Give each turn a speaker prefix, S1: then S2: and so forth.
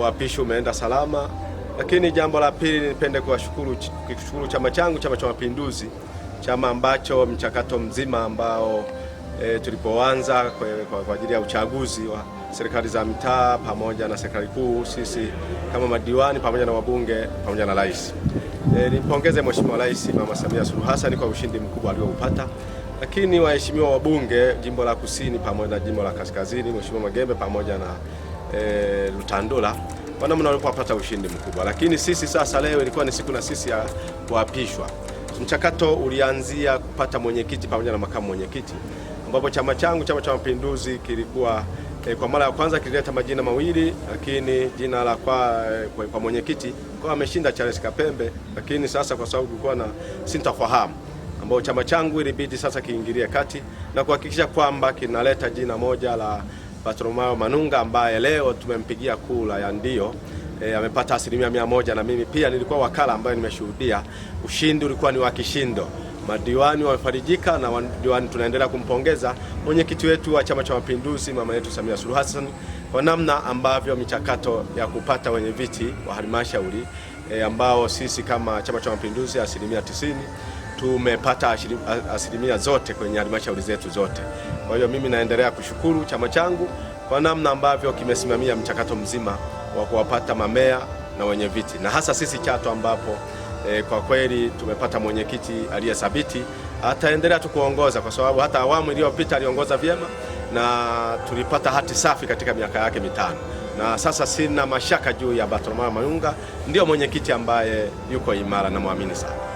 S1: uapishi umeenda salama. Lakini jambo la pili, nipende kuwashukuru kushukuru chama changu, Chama cha Mapinduzi, chama ambacho mchakato mzima ambao e, tulipoanza kwa, kwa, kwa ajili ya uchaguzi wa serikali za mitaa pamoja na serikali kuu, sisi kama madiwani pamoja na wabunge pamoja na rais e, nimpongeze Mheshimiwa Rais Mama Samia Suluhu Hassan kwa ushindi mkubwa alioupata lakini waheshimiwa wabunge jimbo la kusini pamoja na jimbo la kaskazini, Mheshimiwa Magembe pamoja na e, Lutandola namna walipopata ushindi mkubwa, lakini sisi sasa leo ilikuwa ni siku na sisi ya kuapishwa. Mchakato ulianzia kupata mwenyekiti pamoja na makamu mwenyekiti, ambapo chama changu Chama cha Mapinduzi kilikuwa e, kwa mara ya kwanza kilileta majina mawili, lakini jina la kwa, eh, kwa, kwa mwenyekiti kwa ameshinda Charles Kapembe, lakini sasa kwa sababu kulikuwa na sintofahamu ambao chama changu ilibidi sasa kiingilie kati na kuhakikisha kwamba kinaleta jina moja la Bartolomeo Manunga ambaye leo tumempigia kula ya ndio. E, amepata asilimia mia moja na mimi pia nilikuwa wakala ambayo nimeshuhudia ushindi ulikuwa ni wa kishindo madiwani wamefarijika na madiwani tunaendelea kumpongeza mwenyekiti wetu wa Chama cha Mapinduzi, mama yetu Samia Suluhu Hassan kwa namna ambavyo michakato ya kupata wenye viti wa halmashauri e, ambao sisi kama Chama cha Mapinduzi asilimia tisini tumepata asilimia zote kwenye halmashauri zetu zote. Kwa hiyo mimi naendelea kushukuru chama changu kwa namna ambavyo kimesimamia mchakato mzima wa kuwapata mamea na wenye viti na hasa sisi Chato ambapo E, kwa kweli tumepata mwenyekiti aliye thabiti, ataendelea tu kuongoza kwa sababu hata awamu iliyopita aliongoza vyema na tulipata hati safi katika miaka yake mitano, na sasa sina mashaka juu ya Bartolomeo Mayunga, ndiyo mwenyekiti ambaye yuko imara na muamini sana.